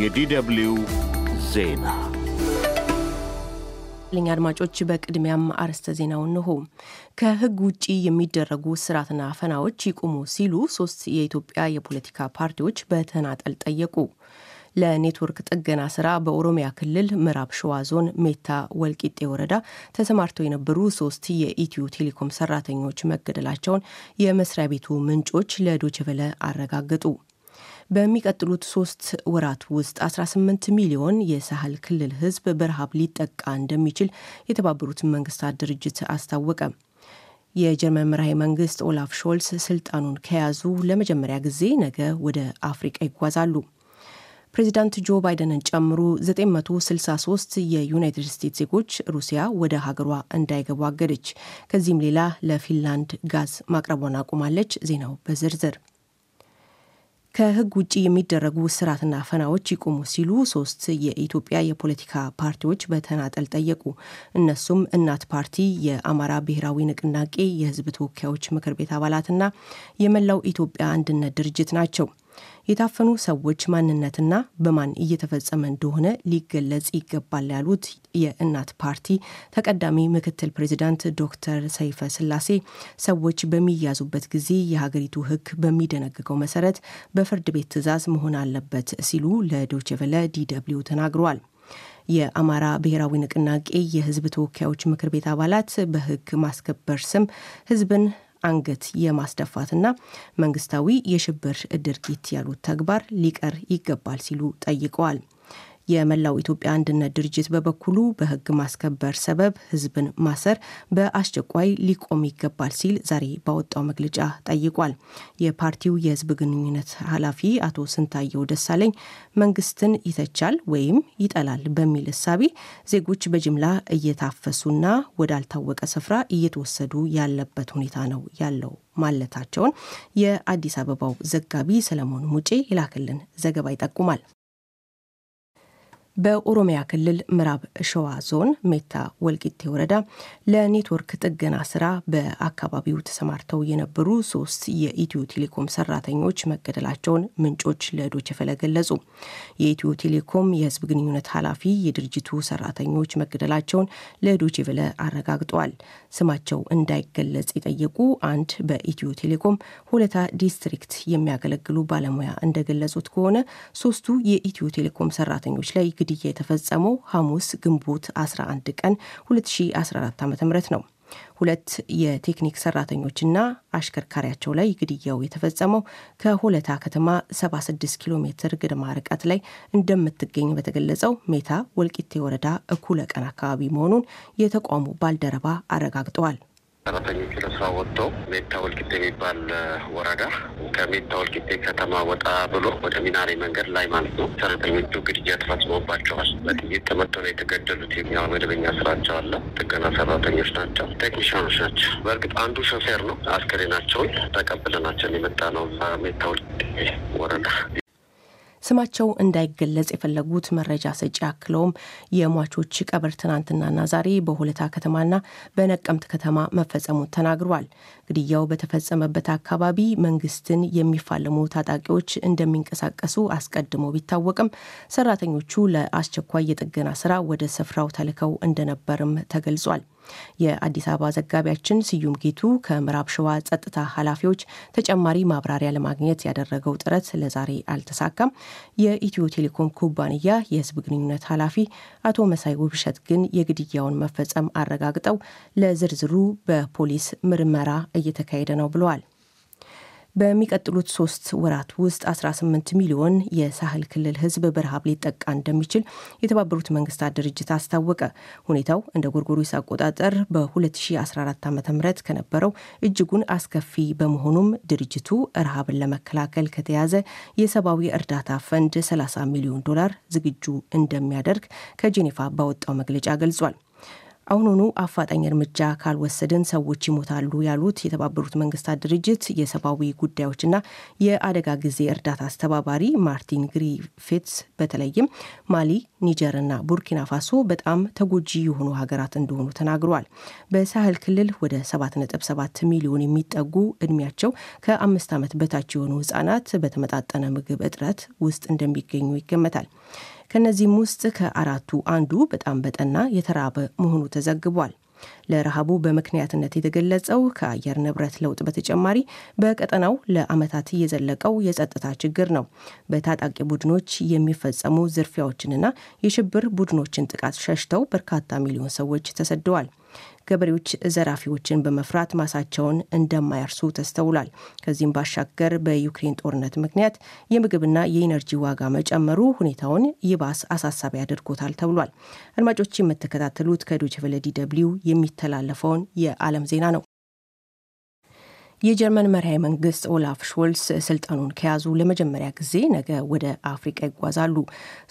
የዲደብልዩ ዜና ልኝ አድማጮች፣ በቅድሚያም አርስተ ዜናው እንሆ። ከህግ ውጪ የሚደረጉ ስራትና ፈናዎች ይቁሙ ሲሉ ሶስት የኢትዮጵያ የፖለቲካ ፓርቲዎች በተናጠል ጠየቁ። ለኔትወርክ ጥገና ስራ በኦሮሚያ ክልል ምዕራብ ሸዋ ዞን ሜታ ወልቂጤ ወረዳ ተሰማርተው የነበሩ ሶስት የኢትዮ ቴሌኮም ሰራተኞች መገደላቸውን የመስሪያ ቤቱ ምንጮች ለዶችቨለ አረጋገጡ። በሚቀጥሉት ሶስት ወራት ውስጥ 18 ሚሊዮን የሳህል ክልል ህዝብ በረሃብ ሊጠቃ እንደሚችል የተባበሩት መንግስታት ድርጅት አስታወቀ። የጀርመን መራሄ መንግስት ኦላፍ ሾልስ ስልጣኑን ከያዙ ለመጀመሪያ ጊዜ ነገ ወደ አፍሪቃ ይጓዛሉ። ፕሬዚዳንት ጆ ባይደንን ጨምሮ 963 የዩናይትድ ስቴትስ ዜጎች ሩሲያ ወደ ሀገሯ እንዳይገቡ አገደች። ከዚህም ሌላ ለፊንላንድ ጋዝ ማቅረቧን አቁማለች። ዜናው በዝርዝር ከህግ ውጭ የሚደረጉ ስራትና ፈናዎች ይቁሙ ሲሉ ሶስት የኢትዮጵያ የፖለቲካ ፓርቲዎች በተናጠል ጠየቁ። እነሱም እናት ፓርቲ፣ የአማራ ብሔራዊ ንቅናቄ፣ የህዝብ ተወካዮች ምክር ቤት አባላትና የመላው ኢትዮጵያ አንድነት ድርጅት ናቸው። የታፈኑ ሰዎች ማንነትና በማን እየተፈጸመ እንደሆነ ሊገለጽ ይገባል ያሉት የእናት ፓርቲ ተቀዳሚ ምክትል ፕሬዚዳንት ዶክተር ሰይፈ ስላሴ ሰዎች በሚያዙበት ጊዜ የሀገሪቱ ሕግ በሚደነግገው መሰረት በፍርድ ቤት ትዕዛዝ መሆን አለበት ሲሉ ለዶችቨለ ዲደብሊው ተናግረዋል። የአማራ ብሔራዊ ንቅናቄ የህዝብ ተወካዮች ምክር ቤት አባላት በህግ ማስከበር ስም ህዝብን አንገት የማስደፋትና መንግስታዊ የሽብር ድርጊት ያሉት ተግባር ሊቀር ይገባል ሲሉ ጠይቀዋል። የመላው ኢትዮጵያ አንድነት ድርጅት በበኩሉ በህግ ማስከበር ሰበብ ህዝብን ማሰር በአስቸኳይ ሊቆም ይገባል ሲል ዛሬ ባወጣው መግለጫ ጠይቋል። የፓርቲው የህዝብ ግንኙነት ኃላፊ አቶ ስንታየው ደሳለኝ መንግስትን ይተቻል ወይም ይጠላል በሚል እሳቤ ዜጎች በጅምላ እየታፈሱና ወዳልታወቀ ስፍራ እየተወሰዱ ያለበት ሁኔታ ነው ያለው ማለታቸውን የአዲስ አበባው ዘጋቢ ሰለሞን ሙጬ ይላክልን ዘገባ ይጠቁማል። በኦሮሚያ ክልል ምዕራብ ሸዋ ዞን ሜታ ወልቂቴ ወረዳ ለኔትወርክ ጥገና ስራ በአካባቢው ተሰማርተው የነበሩ ሶስት የኢትዮ ቴሌኮም ሰራተኞች መገደላቸውን ምንጮች ለዶይቼ ገለጹ። የኢትዮ ቴሌኮም የህዝብ ግንኙነት ኃላፊ የድርጅቱ ሰራተኞች መገደላቸውን ለዶይቼ ቬለ አረጋግጠዋል። ስማቸው እንዳይገለጽ የጠየቁ አንድ በኢትዮ ቴሌኮም ሁለታ ዲስትሪክት የሚያገለግሉ ባለሙያ እንደገለጹት ከሆነ ሶስቱ የኢትዮ ቴሌኮም ሰራተኞች ላይ ግድያ የተፈጸመው ሐሙስ ግንቦት 11 ቀን 2014 ዓ ም ነው። ሁለት የቴክኒክ ሰራተኞችና አሽከርካሪያቸው ላይ ግድያው የተፈጸመው ከሆለታ ከተማ 76 ኪሎ ሜትር ግድማ ርቀት ላይ እንደምትገኝ በተገለጸው ሜታ ወልቂቴ ወረዳ እኩለ ቀን አካባቢ መሆኑን የተቋሙ ባልደረባ አረጋግጠዋል። ሰራተኞቹ ለስራ ወጥተው ሜታ ወልቂጤ የሚባል ወረዳ ከሜታ ወልቂጤ ከተማ ወጣ ብሎ ወደ ሚናሬ መንገድ ላይ ማለት ነው ሰራተኞቹ ግድያ ተፈጽሞባቸዋል። በጥይት ተመተው ነው የተገደሉት። የኛው መደበኛ ስራቸው አለ። ጥገና ሰራተኞች ናቸው፣ ቴክኒሽያኖች ናቸው። በእርግጥ አንዱ ሾፌር ነው። አስከሬናቸውን ተቀብለናቸውን የመጣ ነው ሜታ ወልቂጤ ወረዳ ስማቸው እንዳይገለጽ የፈለጉት መረጃ ሰጪ አክለውም የሟቾች ቀብር ትናንትናና ዛሬ በሁለታ ከተማና በነቀምት ከተማ መፈጸሙን ተናግሯል። ግድያው በተፈጸመበት አካባቢ መንግስትን የሚፋለሙ ታጣቂዎች እንደሚንቀሳቀሱ አስቀድሞ ቢታወቅም ሰራተኞቹ ለአስቸኳይ የጥገና ስራ ወደ ስፍራው ተልከው እንደነበርም ተገልጿል። የአዲስ አበባ ዘጋቢያችን ስዩም ጌቱ ከምዕራብ ሸዋ ጸጥታ ኃላፊዎች ተጨማሪ ማብራሪያ ለማግኘት ያደረገው ጥረት ለዛሬ አልተሳካም። የኢትዮ ቴሌኮም ኩባንያ የህዝብ ግንኙነት ኃላፊ አቶ መሳይ ውብሸት ግን የግድያውን መፈጸም አረጋግጠው ለዝርዝሩ በፖሊስ ምርመራ እየተካሄደ ነው ብለዋል። በሚቀጥሉት ሶስት ወራት ውስጥ 18 ሚሊዮን የሳህል ክልል ህዝብ በረሃብ ሊጠቃ እንደሚችል የተባበሩት መንግስታት ድርጅት አስታወቀ። ሁኔታው እንደ ጎርጎሪስ አቆጣጠር በ2014 ዓ ም ከነበረው እጅጉን አስከፊ በመሆኑም ድርጅቱ ረሃብን ለመከላከል ከተያዘ የሰብአዊ እርዳታ ፈንድ 30 ሚሊዮን ዶላር ዝግጁ እንደሚያደርግ ከጄኔቫ ባወጣው መግለጫ ገልጿል። አሁኑኑ አፋጣኝ እርምጃ ካልወሰድን ሰዎች ይሞታሉ ያሉት የተባበሩት መንግስታት ድርጅት የሰብአዊ ጉዳዮችና የአደጋ ጊዜ እርዳታ አስተባባሪ ማርቲን ግሪፊትስ በተለይም ማሊ፣ ኒጀርና ቡርኪና ፋሶ በጣም ተጎጂ የሆኑ ሀገራት እንደሆኑ ተናግረዋል። በሳህል ክልል ወደ 7.7 ሚሊዮን የሚጠጉ እድሜያቸው ከአምስት ዓመት በታች የሆኑ ህጻናት በተመጣጠነ ምግብ እጥረት ውስጥ እንደሚገኙ ይገመታል። ከእነዚህም ውስጥ ከአራቱ አንዱ በጣም በጠና የተራበ መሆኑ ተዘግቧል። ለረሃቡ በምክንያትነት የተገለጸው ከአየር ንብረት ለውጥ በተጨማሪ በቀጠናው ለአመታት የዘለቀው የጸጥታ ችግር ነው። በታጣቂ ቡድኖች የሚፈጸሙ ዝርፊያዎችንና የሽብር ቡድኖችን ጥቃት ሸሽተው በርካታ ሚሊዮን ሰዎች ተሰደዋል። ገበሬዎች ዘራፊዎችን በመፍራት ማሳቸውን እንደማያርሱ ተስተውሏል። ከዚህም ባሻገር በዩክሬን ጦርነት ምክንያት የምግብና የኢነርጂ ዋጋ መጨመሩ ሁኔታውን ይባስ አሳሳቢ አድርጎታል ተብሏል። አድማጮች የምትከታተሉት ከዶችቨለ ዲ ደብልዩ የሚተላለፈውን የዓለም ዜና ነው። የጀርመን መርሃዊ መንግስት ኦላፍ ሾልስ ስልጣኑን ከያዙ ለመጀመሪያ ጊዜ ነገ ወደ አፍሪቃ ይጓዛሉ።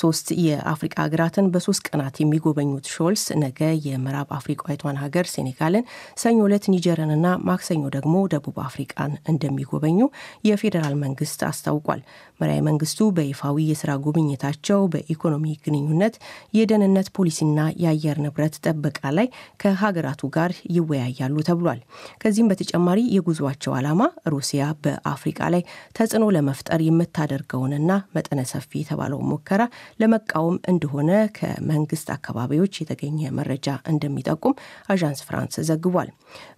ሶስት የአፍሪቃ ሀገራትን በሶስት ቀናት የሚጎበኙት ሾልስ ነገ የምዕራብ አፍሪቃዊቷን ሀገር ሴኔጋልን፣ ሰኞ ዕለት ኒጀርንና ማክሰኞ ደግሞ ደቡብ አፍሪቃን እንደሚጎበኙ የፌዴራል መንግስት አስታውቋል። መርሃዊ መንግስቱ በይፋዊ የስራ ጉብኝታቸው በኢኮኖሚ ግንኙነት፣ የደህንነት ፖሊሲና የአየር ንብረት ጠበቃ ላይ ከሀገራቱ ጋር ይወያያሉ ተብሏል። ከዚህም በተጨማሪ የጉዞ ያሏቸው ዓላማ ሩሲያ በአፍሪቃ ላይ ተጽዕኖ ለመፍጠር የምታደርገውንና መጠነ ሰፊ የተባለውን ሙከራ ለመቃወም እንደሆነ ከመንግስት አካባቢዎች የተገኘ መረጃ እንደሚጠቁም አዣንስ ፍራንስ ዘግቧል።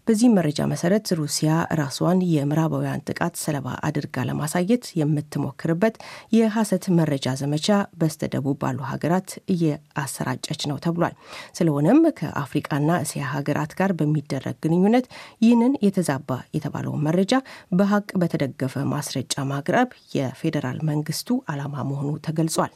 በዚህ መረጃ መሰረት ሩሲያ ራሷን የምዕራባውያን ጥቃት ሰለባ አድርጋ ለማሳየት የምትሞክርበት የሐሰት መረጃ ዘመቻ በስተደቡብ ባሉ ሀገራት እየአሰራጨች ነው ተብሏል። ስለሆነም ከአፍሪቃና እስያ ሀገራት ጋር በሚደረግ ግንኙነት ይህንን የተዛባ የተባለውን መረጃ በሀቅ በተደገፈ ማስረጫ ማቅረብ የፌዴራል መንግስቱ ዓላማ መሆኑ ተገልጿል።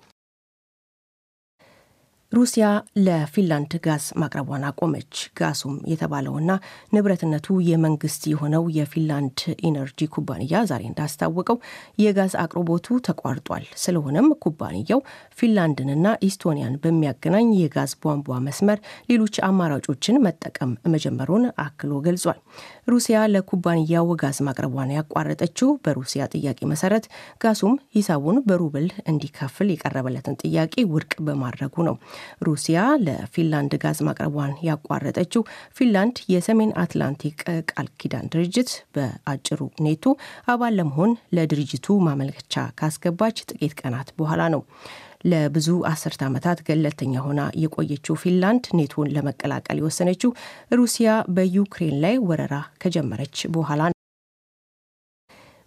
ሩሲያ ለፊንላንድ ጋዝ ማቅረቧን አቆመች። ጋሱም የተባለውና ንብረትነቱ የመንግስት የሆነው የፊንላንድ ኢነርጂ ኩባንያ ዛሬ እንዳስታወቀው የጋዝ አቅርቦቱ ተቋርጧል። ስለሆነም ኩባንያው ፊንላንድንና ኢስቶኒያን በሚያገናኝ የጋዝ ቧንቧ መስመር ሌሎች አማራጮችን መጠቀም መጀመሩን አክሎ ገልጿል። ሩሲያ ለኩባንያው ጋዝ ማቅረቧን ያቋረጠችው በሩሲያ ጥያቄ መሰረት ጋሱም ሂሳቡን በሩብል እንዲከፍል የቀረበለትን ጥያቄ ውድቅ በማድረጉ ነው። ሩሲያ ለፊንላንድ ጋዝ ማቅረቧን ያቋረጠችው ፊንላንድ የሰሜን አትላንቲክ ቃል ኪዳን ድርጅት በአጭሩ ኔቶ አባል ለመሆን ለድርጅቱ ማመልከቻ ካስገባች ጥቂት ቀናት በኋላ ነው። ለብዙ አስርት ዓመታት ገለልተኛ ሆና የቆየችው ፊንላንድ ኔቶን ለመቀላቀል የወሰነችው ሩሲያ በዩክሬን ላይ ወረራ ከጀመረች በኋላ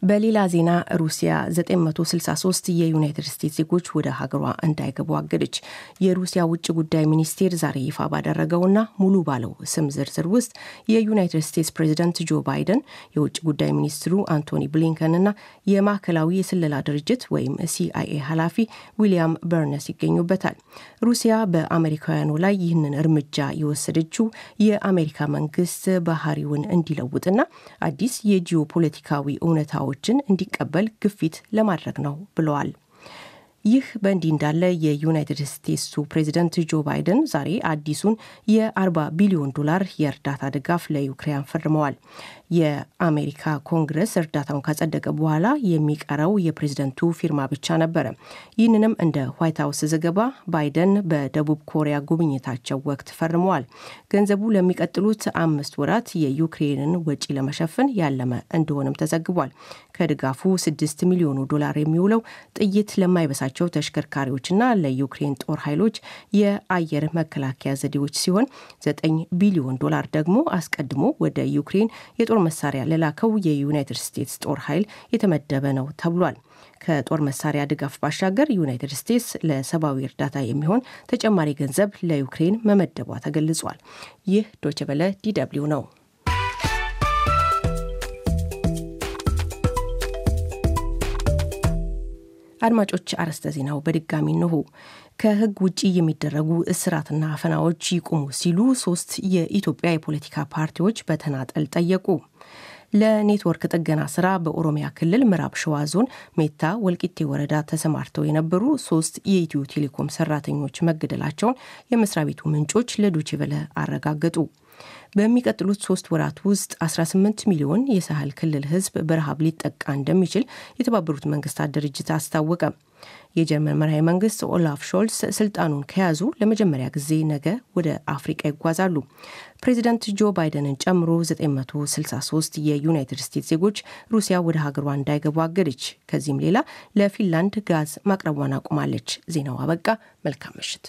በሌላ ዜና ሩሲያ 963 የዩናይትድ ስቴትስ ዜጎች ወደ ሀገሯ እንዳይገቡ አገደች። የሩሲያ ውጭ ጉዳይ ሚኒስቴር ዛሬ ይፋ ባደረገውና ሙሉ ባለው ስም ዝርዝር ውስጥ የዩናይትድ ስቴትስ ፕሬዚደንት ጆ ባይደን፣ የውጭ ጉዳይ ሚኒስትሩ አንቶኒ ብሊንከን እና የማዕከላዊ የስለላ ድርጅት ወይም ሲአይኤ ኃላፊ ዊሊያም በርነስ ይገኙበታል። ሩሲያ በአሜሪካውያኑ ላይ ይህንን እርምጃ የወሰደችው የአሜሪካ መንግስት ባህሪውን እንዲለውጥና አዲስ የጂኦፖለቲካዊ እውነታው እርምጃዎችን እንዲቀበል ግፊት ለማድረግ ነው ብለዋል። ይህ በእንዲህ እንዳለ የዩናይትድ ስቴትሱ ፕሬዚደንት ጆ ባይደን ዛሬ አዲሱን የ40 ቢሊዮን ዶላር የእርዳታ ድጋፍ ለዩክሬን ፈርመዋል። የአሜሪካ ኮንግረስ እርዳታውን ካጸደቀ በኋላ የሚቀረው የፕሬዝደንቱ ፊርማ ብቻ ነበረ። ይህንንም እንደ ዋይት ሀውስ ዘገባ ባይደን በደቡብ ኮሪያ ጉብኝታቸው ወቅት ፈርመዋል። ገንዘቡ ለሚቀጥሉት አምስት ወራት የዩክሬንን ወጪ ለመሸፈን ያለመ እንደሆነም ተዘግቧል። ከድጋፉ ስድስት ሚሊዮኑ ዶላር የሚውለው ጥይት ለማይበሳቸው ተሽከርካሪዎችና ለዩክሬን ጦር ኃይሎች የአየር መከላከያ ዘዴዎች ሲሆን ዘጠኝ ቢሊዮን ዶላር ደግሞ አስቀድሞ ወደ ዩክሬን የጦር የጦር መሳሪያ ለላከው የዩናይትድ ስቴትስ ጦር ኃይል የተመደበ ነው ተብሏል። ከጦር መሳሪያ ድጋፍ ባሻገር ዩናይትድ ስቴትስ ለሰብአዊ እርዳታ የሚሆን ተጨማሪ ገንዘብ ለዩክሬን መመደቧ ተገልጿል። ይህ ዶችበለ ዲw ነው። አድማጮች አርዕስተ ዜናው በድጋሚ እነሆ። ከህግ ውጭ የሚደረጉ እስራትና አፈናዎች ይቁሙ ሲሉ ሶስት የኢትዮጵያ የፖለቲካ ፓርቲዎች በተናጠል ጠየቁ። ለኔትወርክ ጥገና ስራ በኦሮሚያ ክልል ምዕራብ ሸዋ ዞን ሜታ ወልቂቴ ወረዳ ተሰማርተው የነበሩ ሶስት የኢትዮ ቴሌኮም ሰራተኞች መገደላቸውን የመስሪያ ቤቱ ምንጮች ለዶቼ አረጋገጡ። በሚቀጥሉት ሶስት ወራት ውስጥ 18 ሚሊዮን የሳህል ክልል ህዝብ በረሃብ ሊጠቃ እንደሚችል የተባበሩት መንግስታት ድርጅት አስታወቀ። የጀርመን መርሃዊ መንግስት ኦላፍ ሾልስ ስልጣኑን ከያዙ ለመጀመሪያ ጊዜ ነገ ወደ አፍሪቃ ይጓዛሉ። ፕሬዚዳንት ጆ ባይደንን ጨምሮ 963 የዩናይትድ ስቴትስ ዜጎች ሩሲያ ወደ ሀገሯ እንዳይገቡ አገደች። ከዚህም ሌላ ለፊንላንድ ጋዝ ማቅረቧን አቁማለች። ዜናው አበቃ። መልካም ምሽት።